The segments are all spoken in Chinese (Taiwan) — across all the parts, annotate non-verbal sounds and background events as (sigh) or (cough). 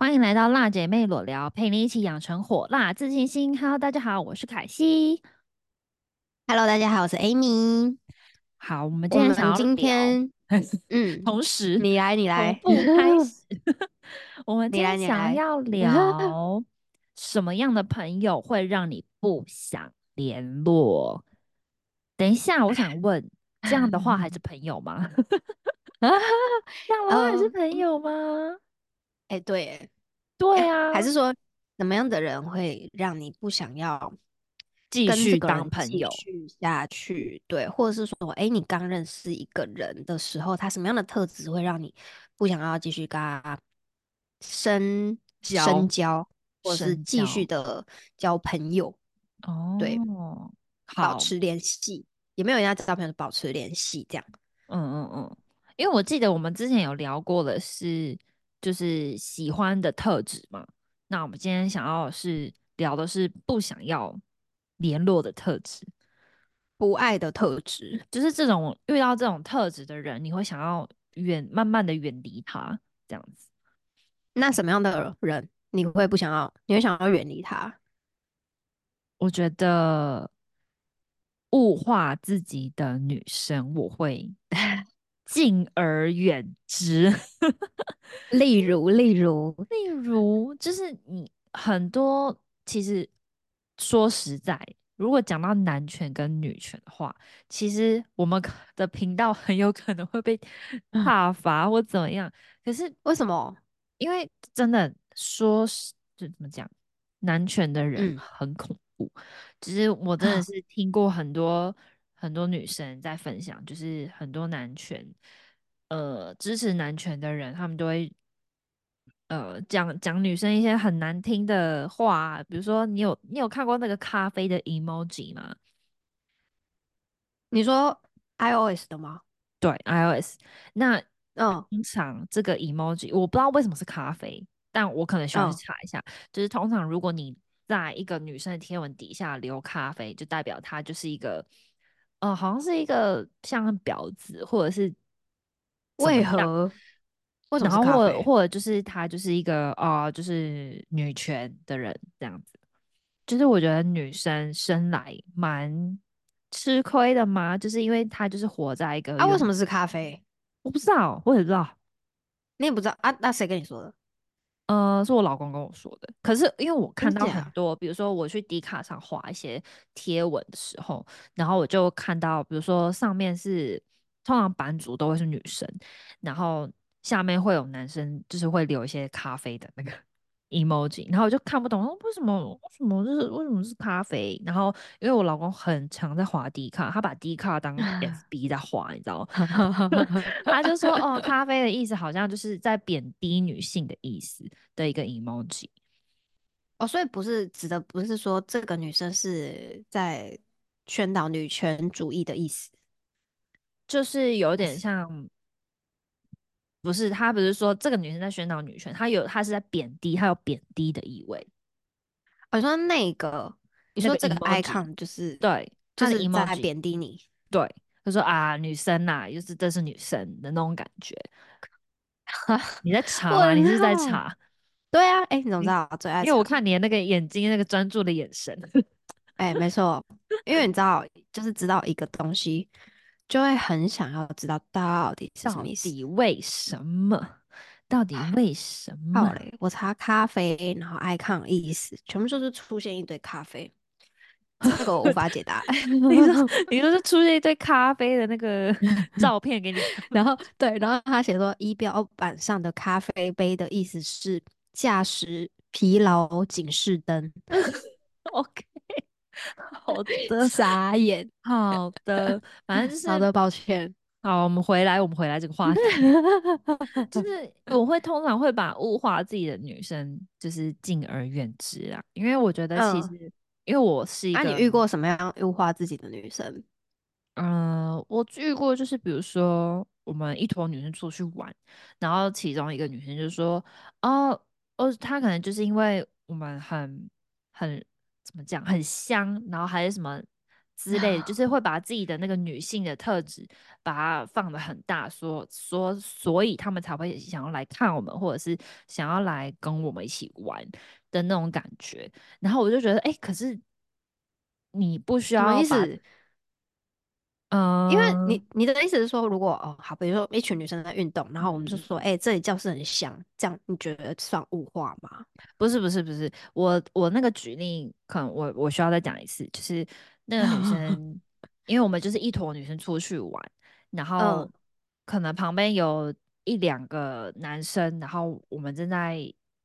歡迎來到辣姐妹裸聊，陪你一起養成火辣自信心。Hello，大家好，我是凱西。Hello，大家好，我是 Amy。好，我們今天，今天，嗯， (laughs) 同時，你來，你來，不開始， (laughs) (laughs) 我們，今天想要聊 (laughs) 什麼樣的朋友會讓你不想聯絡？等一下，我想問， (laughs) 這樣的話還是朋友嗎？ (laughs) 啊，這樣的話還是朋友嗎？Uh, 哎、欸，對，對啊、欸，還是說什麼樣的人會讓你不想要繼續當朋友下去？對，或者是說，哎、欸，你剛認識一個人的時候，他什麼樣的特質會讓你不想要繼續跟他深深教交，或是繼續的交朋友？交對哦，對，保持聯繫，有好沒有人家知道朋友保持聯繫這樣？嗯嗯嗯，因為我記得我們之前有聊過的是。就是喜歡的特質嘛，那我們今天想要是聊的是不想要聯絡的特質，不愛的特質，就是這種遇到這種特質的人，你會想要遠慢慢的遠離他這樣子。那什麼樣的人你會不想要？你會想要遠離他？我覺得物化自己的女生，我會。 (laughs) 敬而遠之， (laughs) 例如、例如、例如，就是你很多其實說實在，如果講到男權跟女權的話，其實我們的頻道很有可能會被怕罰或怎麼樣。嗯、可是為什麼？因為真的說實，就怎麼講，男權的人很恐怖。其實、嗯、我真的是聽過很多、嗯。很多女生在分享，就是很多男權，呃，支持男權的人，他們都會，呃，講講女生一些很難聽的話，啊。比如說，你有你有看過那個咖啡的 emoji 嗎？你說 iOS 的嗎？對 iOS。那嗯，通常這個 emoji 我不知道為什麼是咖啡，但我可能需要去查一下。嗯、就是通常如果你在一個女生的貼文底下留咖啡，就代表她，就是一個。呃，好像是一個像婊子，或者是為何？為什麼？或者或者就是他就是一個啊、呃，就是女權的人這樣子。就是我覺得女生生來蠻吃虧的嘛？就是因為他就是活在一個啊，為什麼是咖啡？我不知道，我也不知道，你也不知道啊？那誰跟你說的？呃，是我老公跟我說的。可是因為我看到很多，真假？比如說我去迪卡上畫一些貼文的時候，然後我就看到，比如說上面是通常版主都會是女生，然後下面會有男生，就是會留一些咖啡的那個。emoji，然後我就看不懂，為什麼為什麼是為什麼是咖啡？然後因為我老公很常在滑 Dcard，他把 Dcard 當 FB 在滑， (laughs) 你知道嗎？ (laughs) 他就說哦，咖啡的意思好像就是在貶低女性的意思的一個 emoji。哦，所以不是指的不是說這個女生是在宣導女權主義的意思，就是有點像。不是，他不是說這個女生在宣導女權，她有，她是在貶低，她有貶低的意味。我、哦、說那個，你說這個 icon，個 emoji, icon 就是對，就是在貶低你。對，他說啊，女生吶、啊，就是這是女生的那種感覺。 (laughs) 你在查、啊， (laughs) 你是，是在查？對啊，哎、欸，你怎麼知道最愛？因為我看你的那個眼睛，那個專注的眼神。哎、 (laughs) 欸，沒錯，因為你知道，就是知道一個東西。就會很想要知道到底是什麼意思，到底為什麼，到底為什麼？好嘞、啊，我查咖啡，然後 icon 意思，全部都是出現一堆咖啡， (laughs) 這個我無法解答。 (laughs) (laughs) 你說你說是出現一堆咖啡的那個照片給你， (laughs) 然後對，然後他寫說儀表 (laughs) 板上的咖啡杯的意思是駕駛疲勞警示燈。 (laughs) OK。好的，傻眼。好的，反正就是好的，抱歉。好，我們回來，我們回來這個話題， (laughs) 就是我會通常會把物化自己的女生就是敬而遠之啊，因為我覺得其實、嗯、因為我是一個，那你遇過什麼樣物化自己的女生？嗯、呃，我遇過就是比如說我們一坨女生出去玩，然後其中一個女生就是說，哦哦，她可能就是因為我們很很。怎麼講很香，然後還有什麼之類的，嗯、就是會把自己的那個女性的特質把它放得很大，說說所以他們才會想要來看我們，或者是想要來跟我們一起玩的那種感覺。然後我就覺得，哎、欸，可是你不需要把。嗯，因為你你的意思是說，如果哦好，比如說一群女生在運動，然後我們就說，哎、欸，這裡教室很香，這樣你覺得算物化嗎？不是不是不是，我我那個舉例，可能我我需要再講一次，就是那個女生， (laughs) 因為我們就是一坨女生出去玩，然後可能旁邊有一兩個男生，然後我們正在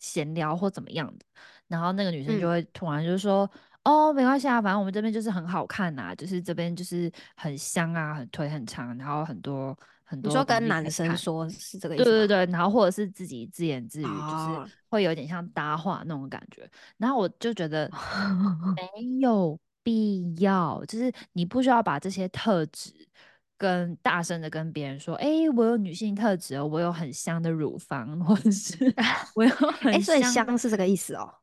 閒聊或怎麼樣的，然後那個女生就會突然就是說。嗯哦，oh, 沒關係啊，反正我們這邊就是很好看吶，啊，就是這邊就是很香啊，很腿很長，然後很多很多。就說跟男生說是這個意思？對對對，然後或者是自己自言自語，oh. 就是會有點像搭話那種感覺。然後我就覺得沒有必要， (laughs) 就是你不需要把這些特質跟大聲的跟別人說，誒、欸，我有女性特質，哦，我有很香的乳房，或者是 (laughs) 我有很香，欸，所以香是這個意思哦？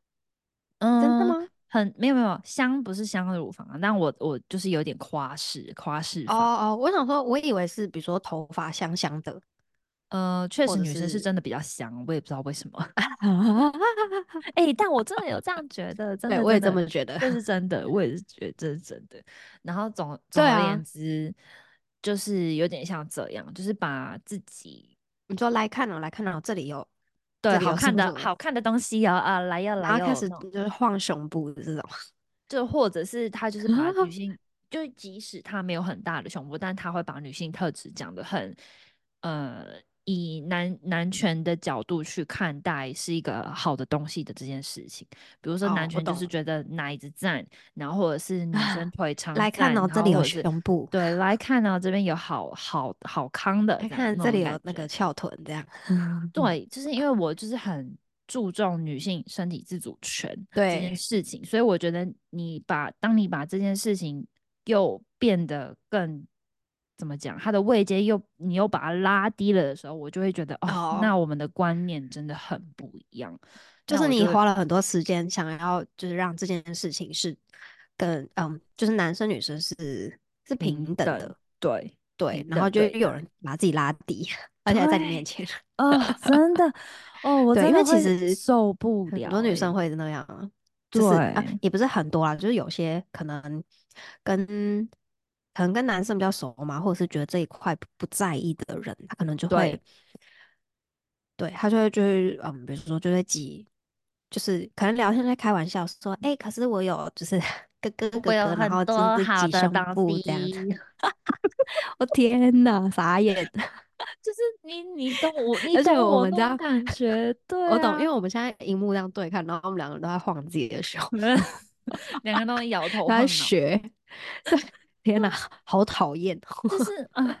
嗯，真的嗎？很沒有沒有香不是香的乳房，啊，但我我就是有點誇飾誇飾。哦哦，我想說，我以為是比如說頭髮香香的，呃，確實女生是真的比較香，我也不知道為什麼。哈哈哈。哎，但我真的有這樣覺得，真的，真的對。我也這麼覺得， (laughs) 這 (laughs) 是真的，我也是覺得這是真的。然後總總而言之，啊，就是有點像這樣，就是把自己，你說來看哦，來看哦，這裡有。對，對好看的是是好看的東西啊、哦、啊，來呀，來呀，來呀。然後開始就是晃胸部這種，就或者是他就是把女性，嗯、就即使他沒有很大的胸部，但他會把女性特質講得很呃。以男男權的角度去看待是一個好的東西的這件事情，比如說男權就是覺得奶子贊，哦、然後或者是女生腿長 (laughs) 來看到、喔、這裡有胸部，對，來看到、喔、這邊有好好好康的，來看這裡有那個翹臀這樣，嗯、 (laughs) 對，就是因為我就是很注重女性身體自主權這件事情，對所以我覺得你把當你把這件事情又變得更。怎麼講？他的位階又你又把他拉低了的時候，我就會覺得哦，oh. 那我們的觀念真的很不一樣。就是你花了很多時間想要，就是讓這件事情是跟嗯，就是男生女生是是平等的。對、嗯、對，對等然後就有人把自己拉低，對而且還在你面前。啊對、 (laughs) 哦，真的哦，我對因為其實受不了，很多女生會那樣。對、就是啊，也不是很多啦，就是有些可能跟。可能跟男生比較熟嘛，或者是覺得這一塊不在意的人，他可能就會，對，對他就會就會，嗯，比如說就會擠，就是可能聊天在開玩笑說，哎、欸，可是我有就是哥哥哥哥，有很多真的擠胸部這樣子。 (laughs) (laughs) 我天哪，傻眼！就是你你懂我，我而且我們家感覺對， (laughs) 我懂，啊、因為我們現在熒幕這樣對看，然後我們兩個人都在晃自己的胸，兩 (laughs) 個人都在搖頭， (laughs) 在學。 (laughs) 天吶、啊，好討厭！就是啊，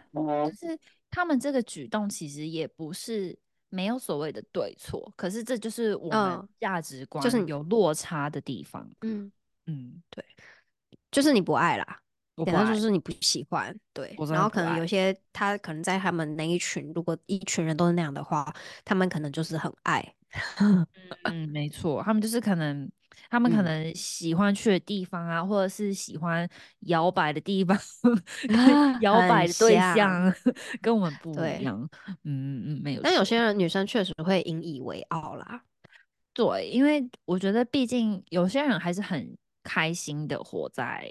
就是他們這個舉動其實也不是沒有所謂的對錯，可是這就是我們價值觀就是有落差的地方。嗯、就是、嗯，嗯，對，就是你不愛啦，然後就是你不喜歡。對，然後可能有些他可能在他們那一群，如果一群人都是那樣的話，他們可能就是很愛。 (laughs) 嗯，嗯，沒錯，他們就是可能。他們可能喜歡去的地方啊，嗯、或者是喜歡搖擺的地方，搖擺、啊、的對象像跟我們不一樣。對嗯嗯嗯，沒有。但有些人女生確實會引以為傲啦，對，因為我覺得畢竟有些人還是很開心的活在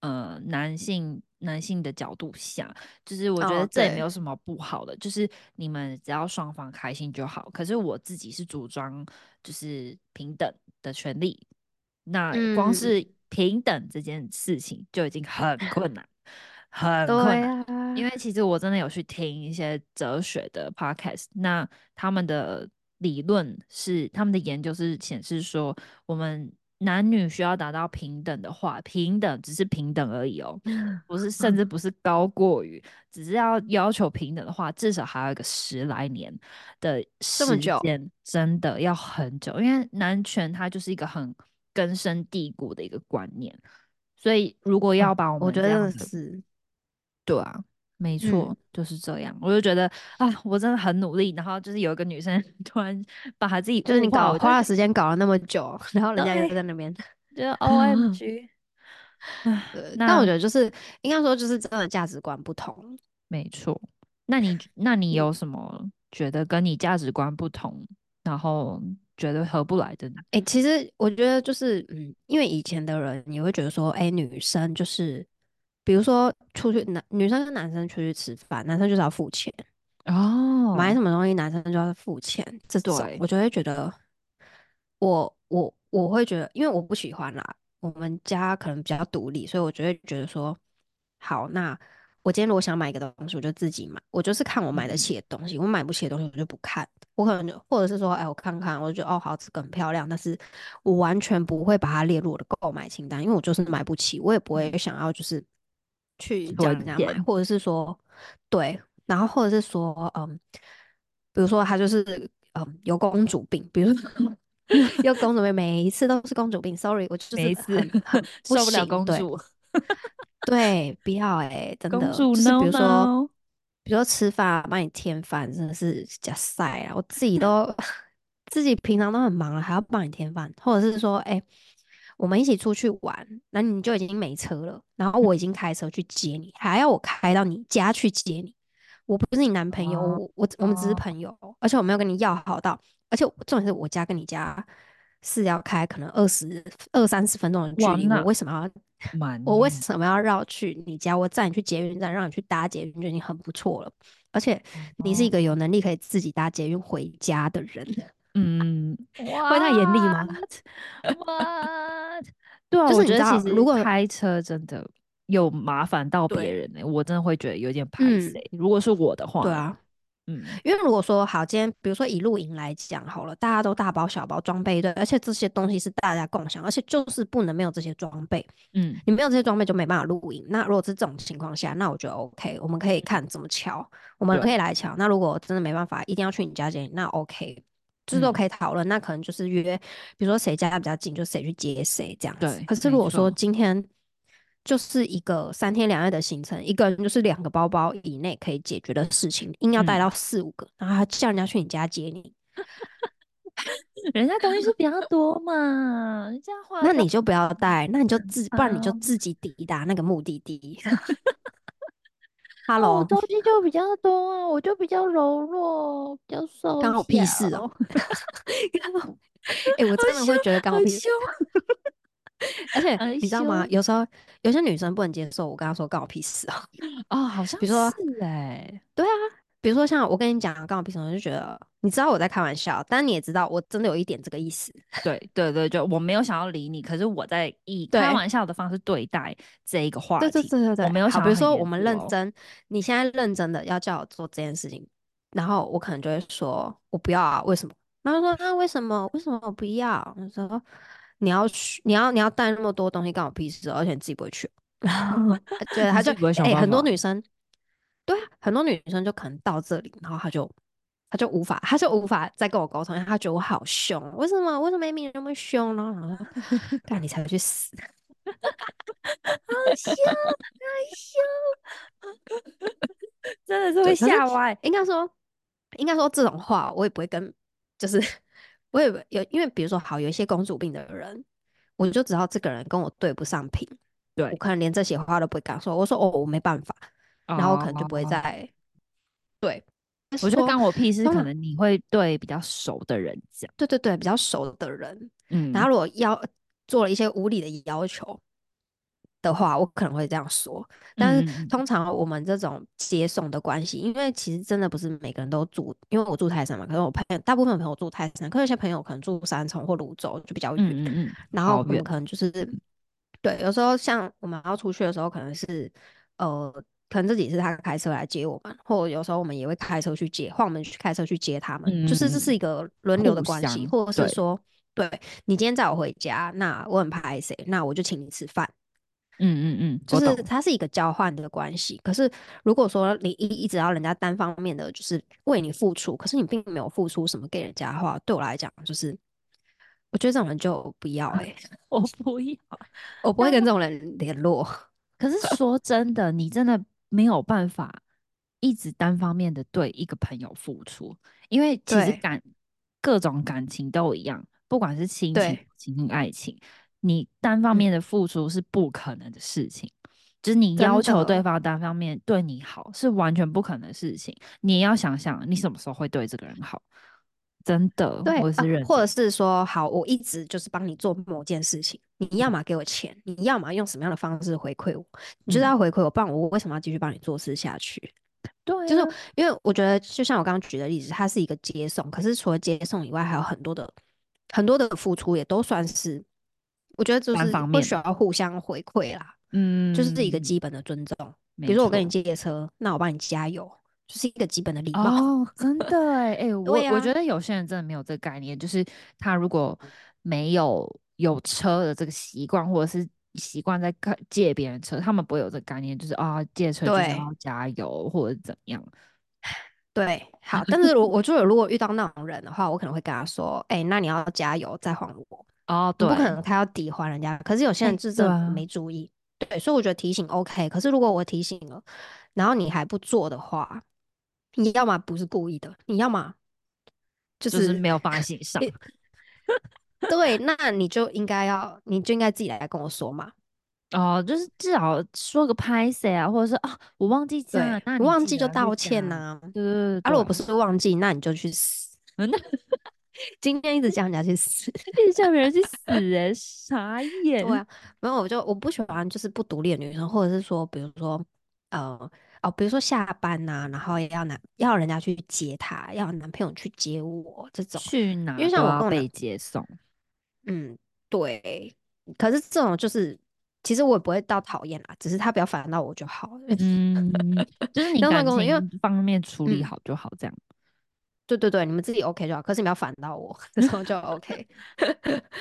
呃男性、嗯。男性的角度想，就是我覺得這也沒有什麼不好的，Okay. 就是你們只要雙方開心就好。可是我自己是主張就是平等的權利，那光是平等這件事情就已經很困難，嗯、很困難。 (laughs) 啊、因為其實我真的有去聽一些哲學的 podcast，那他們的理論是，他們的研究是顯示說我們。男女需要達到平等的話，平等只是平等而已哦，不是甚至不是高過於，嗯、只是要要求平等的話，至少還有一個十來年的時間，真的要很久，這麼久，因為男權它就是一個很根深蒂固的一個觀念，所以如果要把我們這樣子，對啊。沒錯，就是這樣。嗯、我就覺得啊，我真的很努力，然後就是有一個女生突然把她自己就是你搞花了時間搞了那麼久， (laughs) 然後人家也不在那邊， (laughs) 就 OMG。 (laughs) 那我覺得就是應該說就是真的價值觀不同。沒錯。那你那你有什麼覺得跟你價值觀不同，然後覺得合不來的呢？哎、欸，其實我覺得就是嗯，因為以前的人你會覺得說，哎、欸，女生就是。比如說出去男女生跟男生出去吃飯，男生就是要付錢哦，oh. 買什麼東西男生就要付錢，這對，所以，我就會覺得，我我我會覺得，因為我不喜歡啦。我們家可能比較獨立，所以我就會覺得說，好，那我今天如果想買一個東西，我就自己買。我就是看我買得起的東西，我買不起的東西我就不看。我可能就或者是說，哎、欸，我看看，我就覺得哦，好吃，這個、很漂亮，但是我完全不會把它列入我的購買清單，因為我就是買不起，我也不會想要就是。去叫人家買，或者是說，Yeah. 對，然後或者是說，嗯，比如說他就是，嗯，有公主病，比如說 (laughs) 有公主病，每一次都是公主病。Sorry，我就是每一次受不了公主。對， (laughs) 對，不要哎、欸，真的， (laughs) 主就比如說， (laughs) 比如說吃飯幫你添飯，真的是假晒啊！我自己都 (laughs) 自己平常都很忙，啊、還要幫你添飯，或者是說，哎、欸。我們一起出去玩，那你就已經沒車了，然後我已經開車去接你， (laughs) 還要我開到你家去接你？我不是你男朋友，oh, 我我我們只是朋友，oh. 而且我沒有跟你要好到，而且重點是我家跟你家是要開可能二十二三十分鐘的距離，我為什麼要意我為什麼要繞去你家？我載你去捷運站，讓你去搭捷運就已經很不錯了，而且你是一個有能力可以自己搭捷運回家的人，嗯，oh. (laughs) 會太嚴厲嗎？What? What? (laughs) 對啊，我覺得其實如果開車真的有麻煩到別人呢、欸，對我真的會覺得有點怕、欸、嗯、如果是我的話，對啊，嗯，因為如果說好，今天比如說以露營來講好了，大家都大包小包裝備一堆，而且這些東西是大家共享，而且就是不能沒有這些裝備。嗯，你沒有這些裝備就沒辦法露營。那如果是這種情況下，那我覺得 OK，我們可以看怎麼喬，我們可以來喬。對那如果真的沒辦法，一定要去你家接你，那 OK。制是可以討論，嗯、那可能就是約，比如說誰家比較近，就誰去接誰這樣子。對，可是如果說今天就是一個三天兩夜的行程，一個人就是兩個包包以內可以解決的事情，硬要帶到四五個，嗯、然後叫人家去你家接你，人家東西是比較多嘛， (laughs) 人家那你就不要帶，那你就自，不然你就自己抵達那個目的地。 (laughs) Hello, 哦、我東西就比較多，啊、我就比較柔弱，我比較瘦小。氣。 (laughs) 干我屁事哦！哎，我真的會覺得干我屁事。 (laughs) 而且羞你知道嗎？有時候有些女生不能接受我跟她說干我屁事哦。哦，好像是，欸、比如說，哎，對啊，比如說像我跟你講干我屁事，我就覺得。你知道我在開玩笑，但你也知道我真的有一點這個意思。 (laughs) 對對對，就我沒有想要理你，可是我在以對開玩笑的方式對待這一個話題。對對對對對，我沒有想、哦哦。比如說我們認真，你現在認真的要叫我做這件事情，然後我可能就會說我不要啊，為什麼？然後說那、啊、為什麼？為什麼我不要？他說你要去，你要你要，你要帶那麼多東西干我屁事，而且你自己不會去。然後對，他就哎、欸，很多女生，對啊，很多女生就可能到這裡，然後他就。他就無法，他就無法再跟我溝通，因為他覺得我好兇。為什麼？為什麼明明那麼兇呢？看 (laughs) 你才會去死。 (laughs) (laughs) 好兇，太兇， (laughs) 真的是會嚇壞。應該說，應該說這種話我也不會跟，就是我也有，因為比如說好，有一些公主病的人，我就知道這個人跟我對不上頻，對我可能連這些話都不會敢說。我說哦，我沒辦法，oh, 然後我可能就不會再、oh. 對。我就幹我屁事，可能你會對比較熟的人講。對對對，比較熟的人。嗯。然後如果要做了一些無理的要求的話，我可能會這樣說。但是通常我們這種接送的關係，嗯、因為其實真的不是每個人都住，因為我住泰山嘛，可能我朋友大部分朋友住泰山，可是有些朋友可能住三重或蘆洲就比較遠。嗯，嗯，嗯遠然後我們可能就是，對，有時候像我們要出去的時候，可能是呃。可能自己是他開車來接我們，或有時候我們也會開車去接，或我們去開車去接他們，嗯、就是這是一個輪流的關係，相或者是說，對，對你今天載我回家，那我很歹勢，那我就請你吃飯。嗯嗯嗯，就是懂它是一個交換的關係。可是如果說你一一直要人家單方面的就是為你付出，可是你並沒有付出什麼給人家的話，對我來講，就是我覺得這種人就不要哎、欸， (laughs) 我不要，我不會跟這種人聯絡。 (laughs) 可是說真的，你真的。沒有辦法一直單方面的對一個朋友付出，因為其實感對各種感情都一樣，不管是親情、對親情、愛情，你單方面的付出是不可能的事情，就是你要求對方單方面對你好真的是完全不可能的事情，你要想想你什麼時候會對這個人好。真的，對是、啊，或者是說，好，我一直就是幫你做某件事情，你要嘛給我錢，嗯、你要嘛用什麼樣的方式回饋我，你、嗯、就是要回饋我，不然我為什麼要繼續幫你做事下去？對、啊，就是因為我覺得，就像我剛剛舉的例子，它是一個接送，可是除了接送以外，還有很多的很多的付出，也都算是，我覺得就是不需要互相回饋啦，嗯，就是這一個基本的尊重。嗯、比如我跟你借車，那我幫你加油。就是一個基本的禮貌哦，真的哎、欸欸、我、啊、我覺得有些人真的沒有這個概念，就是他如果沒有有車的這個習慣，或者是習慣在借別人車，他們不會有這個概念，就是啊借車就是要加油對或者怎樣。對，好，但是我我就有，如果遇到那種人的話， (laughs) 我可能會跟他說，哎、欸，那你要加油再還我哦，對。不可能他要抵還人家。可是有些人就是沒注意，對，對，所以我覺得提醒 OK。可是如果我提醒了，然後你還不做的話，你要嘛不是故意的，你要嘛就是，就是沒有放心上。 (laughs) 對，那你就應該要，你就應該自己來跟我說嘛。哦，就是至少說個拍謝啊，或者是啊，我忘記講、啊，對那你忘記就道歉吶、啊。對對對、對。啊，如果不是忘記，那你就去死。那、嗯、 (laughs) 今天一直叫人家去死，一直叫別人去死，哎，傻眼。對啊，沒有，我就我不喜歡就是不獨立的女生，或者是說，比如說，呃。哦，比如說下班吶，然後也要男要人家去接他，要男朋友去接我這種，去哪？因為像我跟我被接送，嗯，對。可是這種就是，其實我也不會到討厭啦，只是他不要煩到我就好。嗯，就是你跟老公因為方面處理好就好，這樣。對對對，你們自己 OK 就好，可是你不要煩到我，然後就 OK。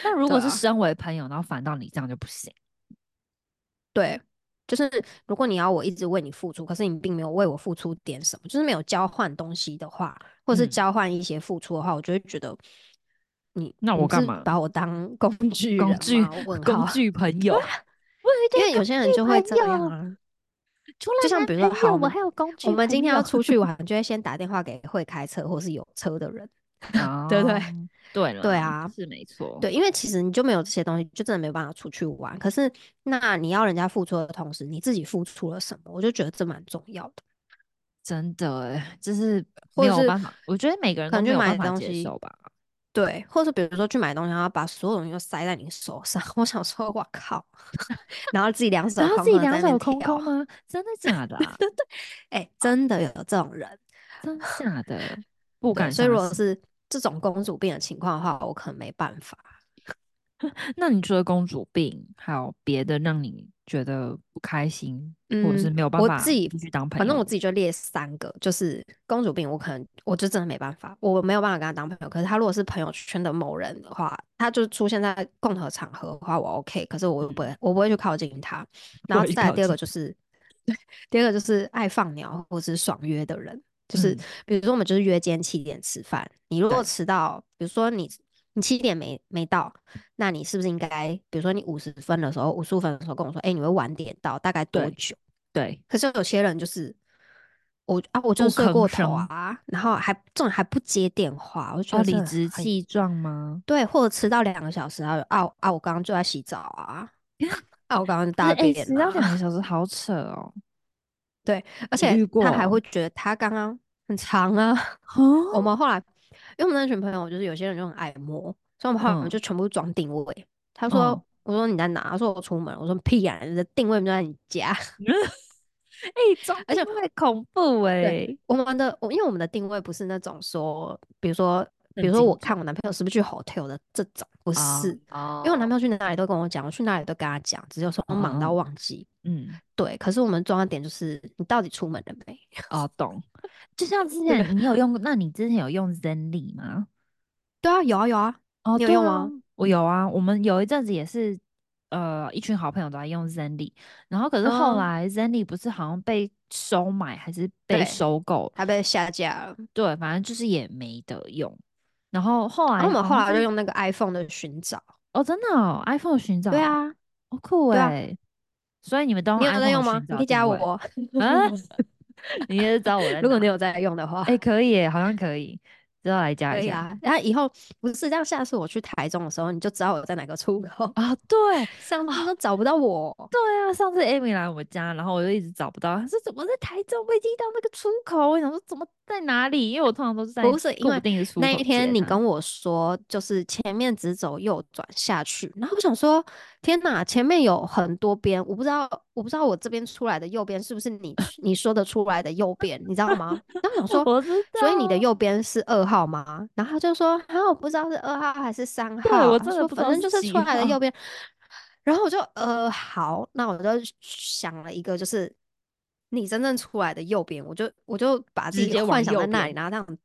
那如果是身為朋友，然後煩到你，這樣就不行。對。就是如果你要我一直為你付出，可是你並沒有為我付出點什麼，就是沒有交換東西的話，嗯、或是交換一些付出的話，我就會覺得你，那我幹嘛，把我當工具、工具、工具朋友？因為有些人就會這樣，啊，啊就像比如說，好，我們還有工具，我們今天要出去玩，就會先打電話給會開車或是有車的人， (laughs) 哦、 (laughs) 對不對？對了對啊，是沒錯。對，因為其實你就沒有這些東西，就真的沒有辦法出去玩。可是，那你要人家付出的同時，你自己付出了什麼？我就覺得這蠻重要的。真的誒，就是，或是沒有我覺得每個人可能就買東西吧。對，或者是比如說去買東西，然後把所有東西都塞在你手上，我想說，我靠，然後自己兩手，然後自己兩手空空啊， (laughs) 真的假 (laughs) 的，啊？對對，哎，真的有這種人， (laughs) 真的不敢。所以如果是。這種公主病的情況的話，我可能沒辦法。 (laughs) 那你覺得公主病還有別的讓你覺得不開心，嗯、或者是沒有辦法？我自己不去當朋友，反正我自己就列三個，就是公主病，我可能我就真的沒辦法，我沒有辦法跟他當朋友。可是他如果是朋友圈的某人的話，他就出現在共同場合的話，我 OK。可是我又不會，嗯、我不會去靠近他，近然後再來第二個就是，對 (laughs) 第二個就是愛放鳥或是爽約的人。就是，嗯、比如說我們就是約見七點吃飯，你如果遲到，對比如說你你七點沒沒到，那你是不是應該，比如說你五十分的時候、五十五分的時候跟我說，哎、欸，你會晚點到，大概多久？對。對，可是有些人就是我啊，我就睡過頭啊，然後還這種還不接電話，我覺得理直氣壯嗎？對，或者遲到兩個小時，然後啊啊啊！我剛剛就在洗澡啊， (laughs) 啊我剛剛就大便了、啊。欸、遲到兩個小時，好扯哦。對，而且他還會覺得他剛剛很長啊。哦、我們後來，因為我們那群朋友就是有些人就很愛摸，所以我們後來我們就全部裝定位。嗯、他說：“嗯、我說你在哪？”他說：“我出門。”我說：“屁呀、啊，你的定位就在你家。嗯”哎、 (laughs) 欸，而且會恐怖哎、欸。我們玩的，我因為我們的定位不是那種說，比如說，比如說，我看我男朋友是不是去 hotel 的這種，嗯、不是。哦、嗯。因為我男朋友去哪裡都跟我講，我去哪裡都跟他講，只有說我忙到忘記。嗯嗯，對。可是我們裝的點就是你到底出門了沒？哦，懂。就像之前你有用過， (laughs) 那你之前有用 Zenly 嗎？對啊，有啊，有啊。哦，oh, 有用、啊對啊、我有啊。我們有一陣子也是，呃，一群好朋友都在用 Zenly，然後可是後來 Zenly 不是好像被收買還是被收購，oh, 對還被下架了。對，反正就是也沒得用。然後後來，後我們後來就用那個 iPhone 的尋找。哦，oh, 真的哦，iPhone 尋找。對啊，好酷哎。所以你們都還在用嗎？你可以加我嗯、哦啊，你也是找我來。如果你有在用的話，哎，可以、欸，好像可以。 (laughs) 知道來家一下然後、啊、 (laughs) 以後不是這樣。下次我去台中的時候，你就知道我在哪個出口啊？對，上次都找不到我。對啊，上次艾米來我家，然後我就一直找不到，說 (laughs) 怎麼在台中被機到那個出口？我想說怎麼在哪裡？ (laughs) 因為我通常都是在固定的出口。不是，因為那一天你跟我說，就是前面直走右轉下去，然後我想說天哪，前面有很多邊，我不知道，我不知道我這邊出來的右邊是不是你 (laughs) 你說的出來的右邊，你知道嗎？ (laughs) 然後我想說，我所以你的右邊是二號。好嗎？然後他就說：“蛤，我不知道是二號還是三號、啊，我真的不知道，反正就是出來的右邊。”然後我就呃好，那我就想了一個，就是你真正出來的右邊，我就我就把自己幻想在那裡，然後這樣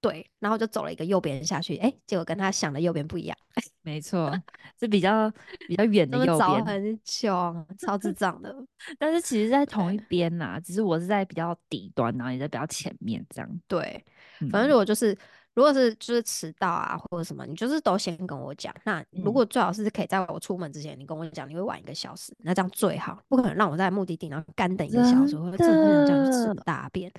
對，然後我就走了一個右邊下去，哎、欸，結果跟他想的右邊不一樣。欸、沒錯，是比較 (laughs) 比較遠的右邊，很窮，超智障的。 (laughs) 但是其實，在同一邊吶、啊，對只是我是在比較底端、啊，然後你在比較前面，這樣對。反正如果就是，如果是就是遲到啊或者什麼，你就是都先跟我講。那如果最好是可以在我出門之前，你跟我講你會晚一個小時，那這樣最好。不可能讓我在目的地然後乾等一個小時，或者的這樣吃大便。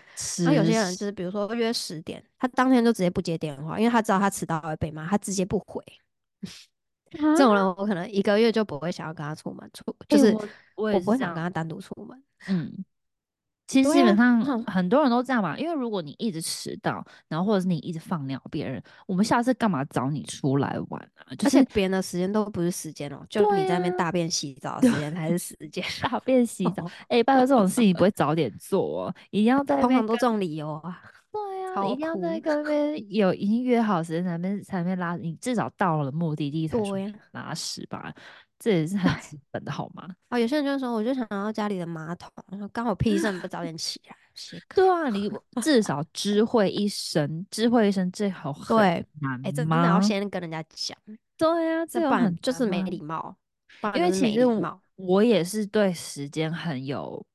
那有些人就是比如說約十點，他當天就直接不接電話，因為他知道他遲到會被罵，他直接不回。 (laughs) 蛤？這種人我可能一個月就不會想要跟他出門出，就是，哎呦，我，我也是這樣，我不會想跟他單獨出門。嗯。其實基本上很多人都這樣嘛，啊嗯、因為如果你一直遲到，然後或者是你一直放尿別人，我們下次幹嘛找你出來玩啊？就是、而且別人的時間都不是時間哦、喔，啊、就你在那邊大便洗澡時間才是時間。 (laughs) 大便洗澡，哎、 (laughs) 欸，拜托這種事情不會早點做、喔，哦？一定要。對呀。通常都這種理由啊。對呀。一定要在那邊有已經約好時間才面 (laughs) 才面拉你，至少到了目的地才會拉屎吧。這也是很基本的對好嗎？啊、哦，有些人就是說，我就想要家裡的馬桶，然後剛好 P 醫不早點起來，對啊，你至少知會一聲，知會 (laughs) 一聲最好。對，哎，這個、欸、先跟人家講。對啊，這個很這就是沒禮貌，因為其實我，我也是對時間很有，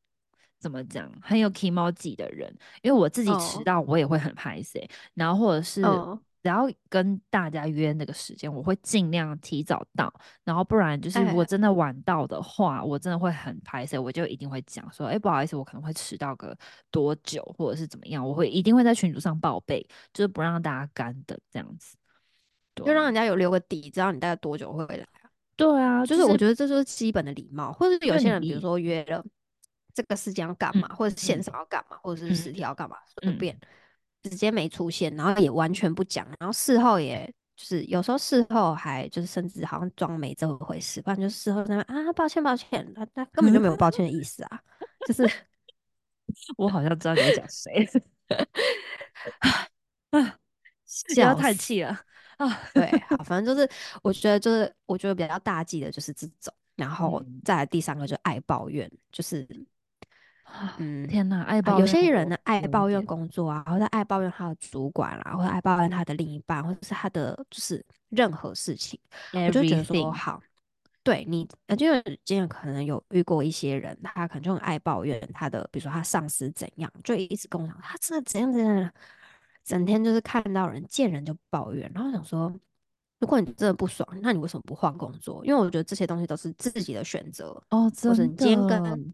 怎麼講，很有 key 記的人。因為我自己遲到，我也會很歹勢、欸哦、然後或者是。哦只要跟大家約那個時間，我會盡量提早到，然後不然就是我真的晚到的話，哎哎，我真的會很拍謝，我就一定會講說，誒，不好意思，我可能會遲到個多久，或者是怎麼樣，我會一定會在群組上報備，就是不讓大家乾等這樣子，就讓人家有留個底，知道你大概多久會來。對啊，就是我覺得這就是基本的禮貌，或者有些人比如說約了這個時間要幹嘛，嗯、或者線上要幹嘛，嗯、或者是實體要幹嘛，不變、嗯。直接沒出現，然後也完全不講，然後事後也就是有時候事後還就是甚至好像裝沒這回事，不然就事後那邊啊，抱歉抱歉，他根本就沒有抱歉的意思啊， (laughs) 就是我好像知道你在講誰，啊，又要嘆氣了啊， (laughs) 對好，反正就是我覺得就是我覺得比較大忌的就是這種，然後再來第三個就是愛抱怨，就是。嗯，天吶，愛抱怨、啊、有些人呢，愛抱怨工作啊，然後他愛抱怨他的主管啊，或者愛抱怨他的另一半，或者是他的就是任何事情。Everything. 我就覺得說，好，對你，呃，就今天可能有遇過一些人，他可能就很愛抱怨他的，比如說他上司怎樣，就一直跟我講，他這怎樣怎樣，整天就是看到人見人就抱怨，然後想說，如果你真的不爽，那你為什麼不換工作？因為我覺得這些東西都是自己的選擇哦，oh, 真的。或者你今天跟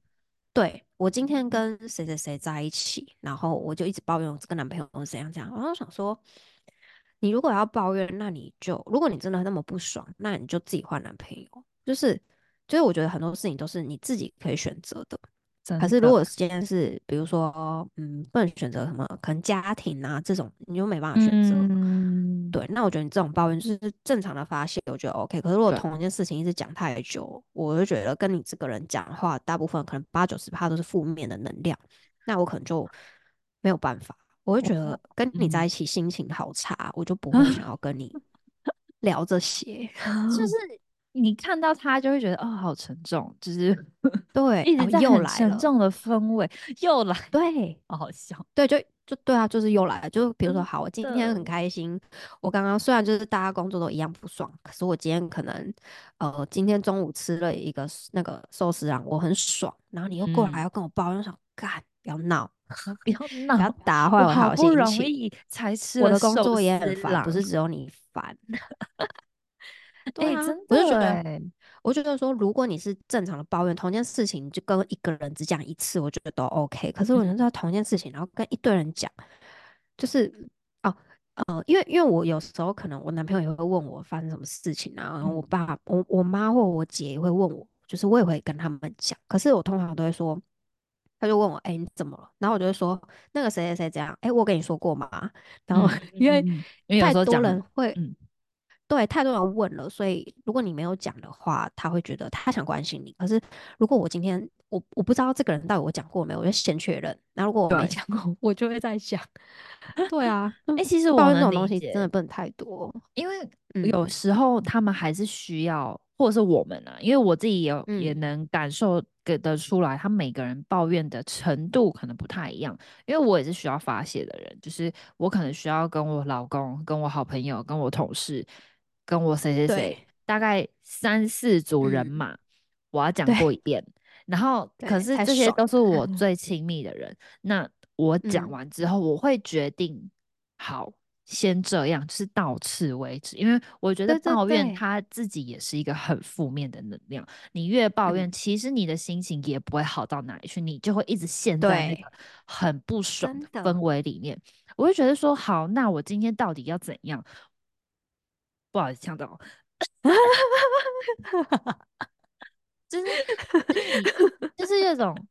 對。我今天跟誰誰誰在一起，然後我就一直抱怨我這個男朋友怎樣怎樣。然後我想說，你如果要抱怨，那你就如果你真的那麼不爽，那你就自己換男朋友。就是，就是我覺得很多事情都是你自己可以選擇的。可是，如果是這件事，比如說，嗯，不能選擇什麼，可能家庭啊這種，你就沒辦法選擇。嗯、對，那我覺得你這種抱怨就是正常的發泄，我覺得 OK。可是，如果同一件事情一直講太久，對我就覺得跟你這個人講的話，大部分可能八九十趴都是負面的能量，那我可能就沒有辦法。我會覺得跟你在一起心情好差，嗯、我就不會想要跟你聊這些。啊、就是。 (laughs) 你看到他就會覺得哦，好沉重，就是對，一直在沉重的氛圍又來，對，好笑，對，就就對啊，就是又來了。就比如說，好，我今天很開心，我剛剛雖然就是大家工作都一樣不爽，可是我今天可能呃，今天中午吃了一個那個壽司啊，我很爽。然後你又過來要跟我抱怨，想幹，不要鬧，不要鬧，不要打壞我好心情，我的工作也很煩，不是只有你煩。對啊，欸、真我就覺得，我覺得說，如果你是正常的抱怨，同一件事情就跟一個人只講一次，我覺得都 OK。可是我就知道，同一件事情，嗯、然後跟一堆人講，就是哦，哦，呃、因為因為我有時候可能我男朋友也會問我發生什麼事情啊，然後我爸、嗯、我我媽或我姐也會問我，就是我也會跟他們講。可是我通常都會說，他就問我，哎、欸，你怎麼了？然後我就會說，那個誰誰誰這樣，哎、欸，我跟你說過嗎？然後、嗯、因為因為有時候太多人會。嗯對，太多人問了，所以如果你沒有講的話，他會覺得他想關心你。可是如果我今天我我不知道這個人到底我講過沒有，我就先確認。那如果我沒講過，對 (laughs) 我就會再講。對啊、 (laughs) 欸，其實我抱怨這種東西真的不能太多，因為有時候他們還是需要，嗯、或者是我們啊，因為我自己也有、嗯、也能感受給出來，他每個人抱怨的程度可能不太一樣。因為我也是需要發泄的人，就是我可能需要跟我老公、跟我好朋友、跟我同事。跟我誰誰誰大概三四組人馬，嗯、我要講過一遍。對然後，可是這些都是我最親密的人。那我講完之後，我會決定，嗯、好，先這樣，是到此為止。因為我覺得抱怨他自己也是一個很負面的能量。對對對，你越抱怨，嗯、其實你的心情也不會好到哪裡去，你就會一直陷在那個很不爽的氛圍裡面。我就覺得說，好，那我今天到底要怎樣？不好意思，嗆到、 (laughs) 就是，就是就是這種，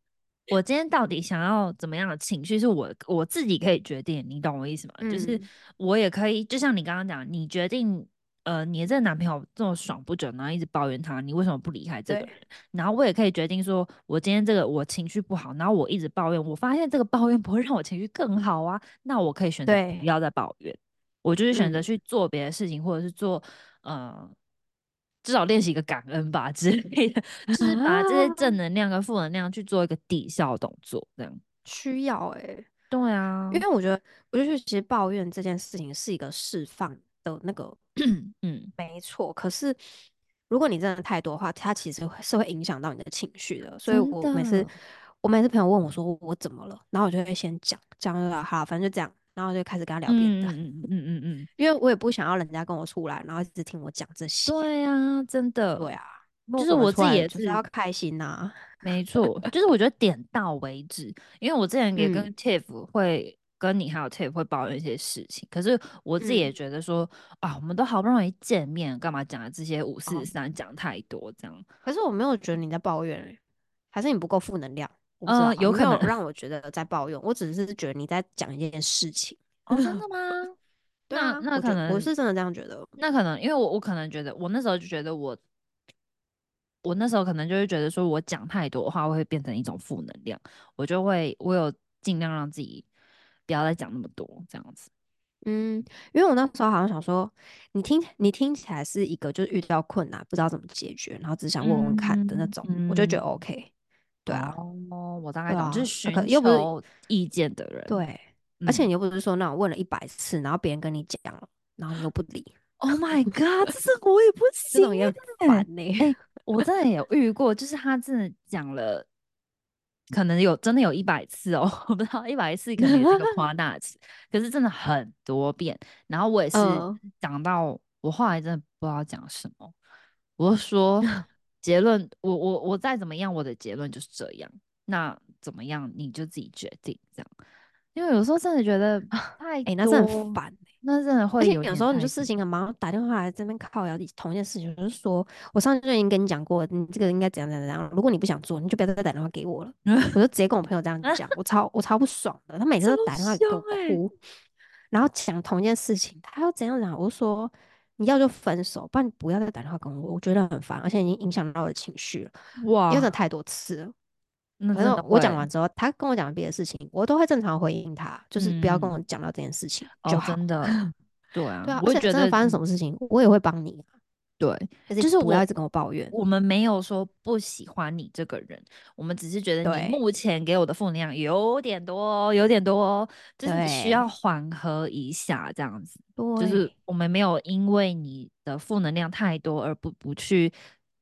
(laughs) 我今天到底想要怎麼樣的情緒是我我自己可以決定，你懂我意思嗎？嗯、就是我也可以，就像你剛剛講，你決定呃，你的這個男朋友這麼爽不准，然後一直抱怨他，你為什麼不離開這個人？對 然後我也可以決定說，我今天這個我情緒不好，然後我一直抱怨，我發現這個抱怨不會讓我情緒更好啊，那我可以選擇不要再抱怨。我就是選擇去做別的事情，嗯、或者是做，呃，至少練習一個感恩吧之類的，就、啊、是把這些正能量和負能量去做一個抵消動作，這樣需要哎、欸，對啊，因為我覺得，我就去其實抱怨這件事情是一個釋放的那個，嗯，沒錯。可是如果你真的太多的話，它其實是會影響到你的情緒的。所以我每次，真的我每次朋友問我，說我怎麼了，然後我就會先講，講了，好，反正就這樣。然後就開始跟他聊別的，嗯嗯嗯嗯，因為我也不想要人家跟我出來，然後一直聽我講這些。對呀，真的。對啊，就是我自己也是，我就是要開心吶、啊。沒錯錯， (laughs) 就是我覺得點到為止。因為我之前也跟 Tiff 會、嗯、跟你還有 Tiff 會抱怨一些事情，可是我自己也覺得說、嗯、啊，我們都好不容易見面，幹嘛講這些五四三？講太多這樣。可是我沒有覺得你在抱怨、欸，還是你不夠負能量？嗯，有可能沒有讓我覺得在抱怨， (laughs) 我只是覺得你在講一件事情。 (laughs) 哦，真的嗎？ (laughs) 對啊，那，那可能我，我是真的這樣覺得。那可能因為我我可能覺得我那時候就覺得我，我那時候可能就是覺得說我講太多的話會變成一種負能量，我就會我有盡量讓自己不要再講那麼多這樣子。嗯，因為我那時候好像想說，你聽你聽起來是一個就是遇到困難不知道怎麼解決，然後只想問問看的那種，嗯，嗯，我就覺得 OK。對啊，我大概懂，就是有意見的人。對，而且你又不是說，那我問了一百次，然後別人跟你講，然後你又不理。Oh my god，這是我也不行，這種也煩呢。我真的有遇過，就是他真的講了，可能有真的有一百次哦，我不知道一百次可能也是個誇大詞，可是真的很多遍。然後我也是講到我後來真的不知道講什麼，我說。結論，我我我再怎麼樣，我的結論就是這樣。那怎麼樣，你就自己決定這樣。因為有時候真的覺得太哎、欸，那真的很煩，那真的會有。有時候你就事情很忙，打電話來這邊靠聊同一件事情，我就是說我上次就已經跟你講過，你這個應該怎樣怎樣怎樣。如果你不想做，你就不要再打電話給我了。 (laughs) 我就直接跟我朋友這樣講，我超我超不爽的。他每次都打電話給我哭，欸、然後想同一件事情，他要怎樣怎樣，我說。你要就分手，不然你不要再打電話跟我。我覺得很煩，而且已經影響到我的情緒了。哇，因為真的太多次了。反正我講完之後，他跟我講別的事情，我都會正常回應他。嗯、就是不要跟我講到這件事情就好、哦、真的，對啊， (laughs) 對啊。我覺得而且真的發生什麼事情，我也會幫你。對，是就是我要一直跟我抱怨，我們沒有說不喜歡你這個人，我們只是覺得你目前給我的負能量有點多，有點多，就是對需要緩和一下這樣子。對就是我們沒有因為你的負能量太多而不不去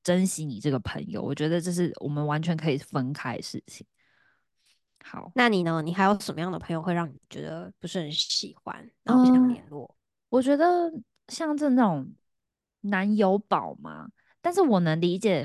珍惜你這個朋友。我覺得這是我們完全可以分開的事情。好，那你呢？你還有什麼樣的朋友會讓你覺得不是很喜歡，然後不想聯絡？嗯、我覺得像這種。男友寶嗎？但是我能理解，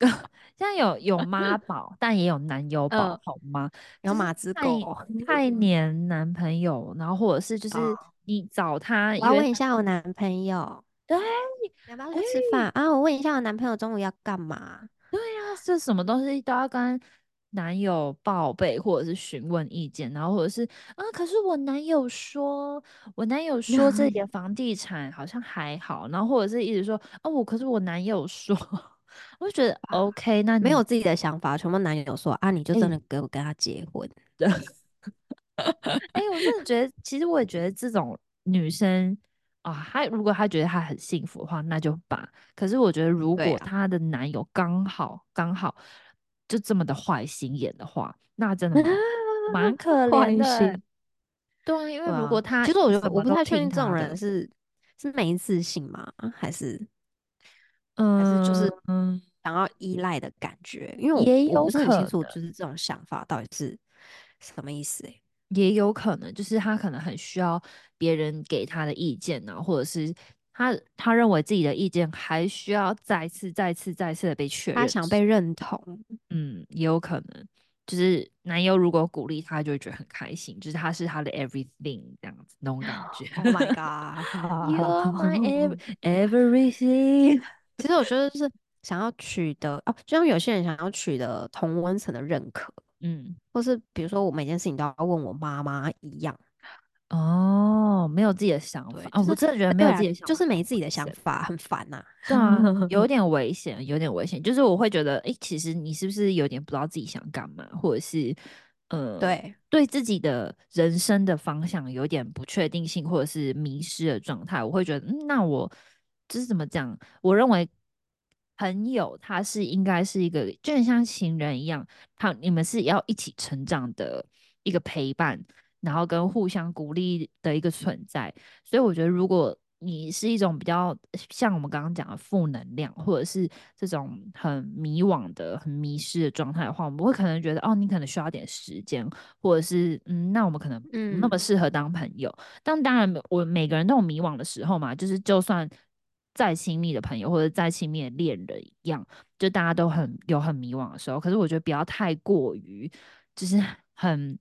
現在 (laughs) 有有媽寶， (laughs) 但也有男友寶，好、呃、嗎？有馬子狗太黏男朋友，嗯、然後或者是就是你找他，我要問一下我男朋友，對，你要不要來吃飯，欸、啊，我問一下我男朋友中午要幹嘛？對呀、啊，這什麼東西都要跟，大家男友報備或者是詢問意見，然後或者是啊，可是我男友說，我男友說這個房地產好像還好，然後或者是一直說哦、啊，我可是我男友說，我就覺得、啊、OK，那沒有自己的想法，全部男友說啊，你就真的給我跟他結婚對。哎、欸 (laughs) 欸，我真的覺得，其實我也覺得這種女生啊，她如果她覺得她很幸福的話，那就把。可是我覺得，如果她的男友剛好、對啊、剛好。就這麼的壞心眼的話，那真的蠻可憐的。 (laughs) 對啊，因為如果他、啊、其實我覺得我不太確定這種人是是沒自信嗎？還是嗯，還是就是嗯想要依賴的感覺。因為我不太清楚，就是這種想法到底是什麼意思、欸。也有可能就是他可能很需要別人給他的意見呢、啊，或者是。他他認為自己的意見還需要再次、再次、再次的被確認。他想被認同，嗯，也有可能，就是男友如果鼓勵他，就會覺得很開心，就是他是他的 everything 這樣子那種、oh, 感覺。Oh my god，You're (laughs) my ev- everything。其實我覺得就是想要取得哦，就像有些人想要取得同溫層的認可，嗯，或是比如說我每件事情都要問我媽媽一樣，哦。Oh. 哦，沒有自己的想法。我真的覺得沒有自己的想法，啊、就是沒自己的想法，對很煩吶、啊。是啊，有點危險，有點危險。就是我會覺得，哎、 (laughs) 欸，其實你是不是有點不知道自己想幹嘛，或者是，呃，對，對自己的人生的方向有點不確定性，或者是迷失的狀態。我會覺得，嗯、那我這、就是怎麼講？我認為朋友他是應該是一個，就很像情人一樣，好，你們是要一起成長的一個陪伴。然後跟互相鼓勵的一個存在，所以我覺得，如果你是一種比較像我們剛剛講的負能量，或者是這種很迷惘的、很迷失的狀態的話，我們會可能覺得，哦，你可能需要點時間，或者是，嗯，那我們可能嗯，不那麼適合當朋友。嗯、但當然，我每個人都有迷惘的時候嘛，就是就算再親密的朋友或者再親密的戀人一樣，就大家都很有很迷惘的時候。可是我覺得不要太過於，就是很。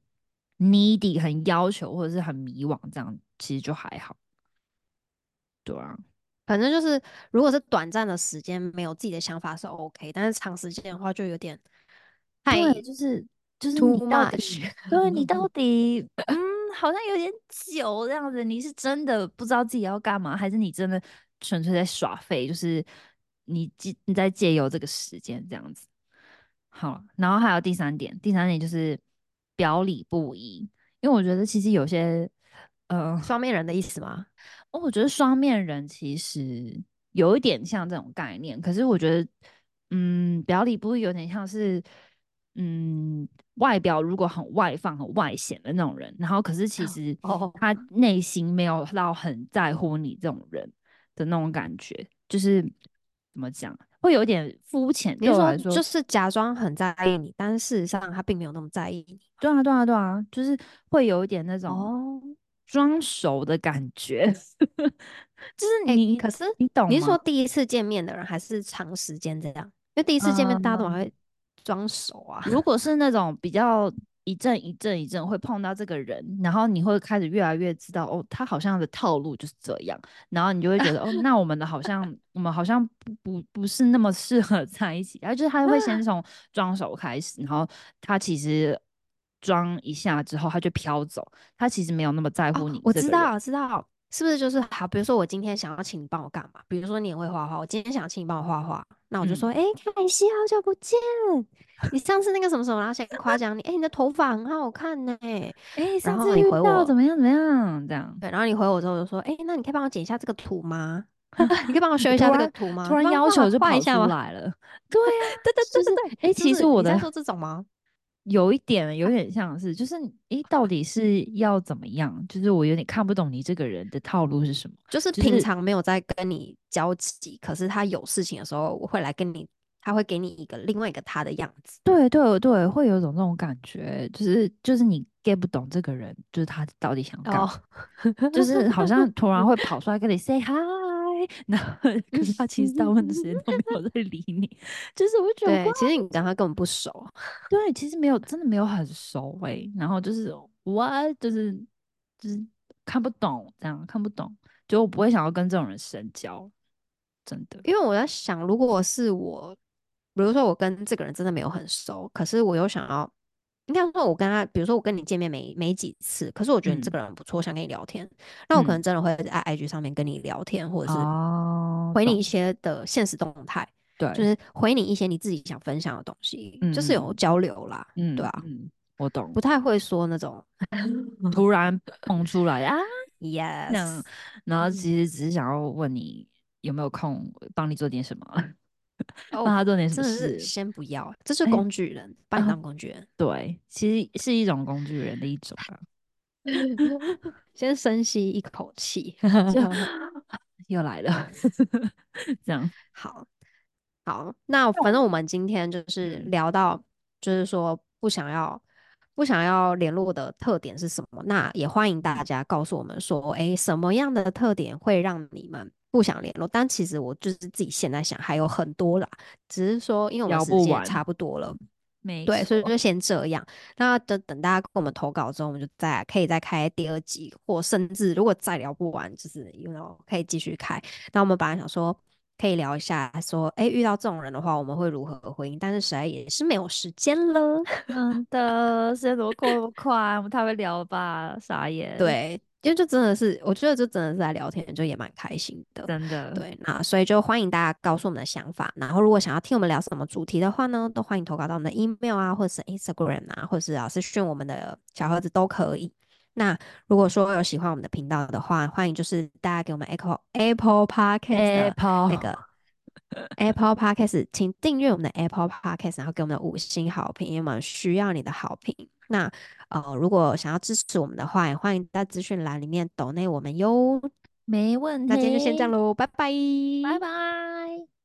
needy 很要求或者是很迷惘，這樣其實就還好。對啊，反正就是，如果是短暫的時間沒有自己的想法是 OK，但是長時間的話就有點對太就是就是 too much。你到底嗯，好像有點久這樣子。你是真的不知道自己要幹嘛， (laughs) 還是你真的純粹在耍廢？就是你借你在借由這個時間這樣子。好，然後還有第三點，第三點就是。表裡不一，因為我覺得其實有些，呃，雙面人的意思嗎？哦，我覺得雙面人其實有一點像這種概念，可是我覺得，嗯，表裡不一有點像是，嗯，外表如果很外放、很外顯的那種人，然後可是其實他內心沒有到很在乎你這種人的那種感覺，就是怎麼講？會有點膚淺，比如說就是假裝很在意你，但是事實上他並沒有那麼在意你。對啊，對啊，對啊，就是會有一點那種裝熟的感覺， (laughs) 就是你、欸、可是你懂？你是說第一次見面的人還是長時間這樣？因為第一次見面，大家都會裝熟啊。嗯、如果是那種比較。一陣一陣一陣會碰到這個人，然後你會開始越來越知道哦，他好像的套路就是這樣，然後你就會覺得哦，那我們的好像 (laughs) 我們好像不不不是那麼適合在一起啊。然後就是他會先從裝熟開始，然後他其實裝一下之後他就飄走，他其實沒有那麼在乎你。哦，我知道，知道。.是不是就是好？比如說我今天想要請你幫我幹嘛？比如說你也會畫畫，我今天想要請你幫我畫畫，那我就說：哎、嗯，凱西、欸，好久不見！你上次那個什麼什麼，然後先誇獎你：哎、欸，你的頭髮很好看呢、欸！哎、欸，上次到你回我到怎麼樣怎麼樣？這樣。對，然後你回我之後就說：哎、欸，那你可以幫我剪一下這個圖嗎？ (laughs) 你可以幫我修一下這個圖嗎？ (laughs) 突，然突然要求就拍一下來了， (laughs) 我來了對呀、啊，對對對對對！哎，其實我的在做這種嗎？有一點，有點像是，就是，哎，到底是要怎麼樣？就是我有點看不懂你這個人的套路是什麼。就是平常沒有在跟你交集，就是、可是他有事情的時候，我會來跟你，他會給你一個另外一個他的樣子。對對對，會有一種那種感覺，就是就是你 get 不懂這個人，就是他到底想幹，oh, (laughs) 就是好像突然會跑出來跟你 say hi。哎，那 (laughs) 可是他其實大部分的時間都沒有在理你， (laughs) (laughs) 就是我就覺得，對，其實你跟他根本不熟， (laughs) 對，其實沒有，真的沒有很熟哎，欸，然後就是我就是就是看不懂這樣，看不懂，就我不會想要跟這種人深交，真的，因為我在想，如果是我，比如說我跟這個人真的沒有很熟，可是我又想要。應該說，我跟他，比如說我跟你見面沒沒幾次，可是我覺得你這個人不錯，嗯、想跟你聊天，那我可能真的會在 IG 上面跟你聊天，嗯、或者是回你一些的限時動態、哦，對，就是回你一些你自己想分享的東西，嗯、就是有交流啦，嗯，對啊、嗯，我懂，不太會說那種 (laughs) 突然蹦出來啊 (laughs) Yes. 那，然後其實只是想要問你有沒有空，幫你做點什麼。幫他做點什麼事，哦、先不要，這是工具人，半、欸、當工具人，對，其實是一種工具人的一種、啊。 (laughs) 先深吸一口氣， (laughs) 這樣又來了， (laughs) 這樣，好，好，那反正我們今天就是聊到，就是說不想要，不想要聯絡的特點是什麼？那也歡迎大家告訴我們說，哎、欸，什麼樣的特點會讓你們？不想聯絡，但其實我就是自己現在想還有很多啦，只是說因為我們時間差不多了，沒對，沒錯，所以就先這樣。那等等大家跟我們投稿之後，我們就再可以再開第二集，或甚至如果再聊不完，就是有 you know, 可以繼續開。那我們本來想說可以聊一下說，說、欸、哎遇到這種人的話，我們會如何回應？但是實在也是沒有時間了。 (laughs) 嗯，的，時間怎麼過那麼快， (laughs) 我們太會聊了吧？傻眼。對。因為就真的是，我覺得就真的是在聊天，就也蠻開心的，真的。對，那所以就歡迎大家告訴我們的想法。然後如果想要聽我們聊什麼主題的話呢，都歡迎投稿到我們的 email 啊，或者是 Instagram 啊，或者是老師訓我們的小盒子都可以。那如果說有喜歡我們的頻道的話，歡迎就是大家給我們 Apple Apple Podcast Apple 那個 Apple Podcast， (laughs) 請訂閱我們的 Apple Podcast，然後給我們的五星好評，因為我們需要你的好評。那。哦、呃，如果想要支持我們的話，也歡迎在資訊欄裡面抖內我們喲，沒問題。那今天就先這樣嘍，拜拜，拜拜。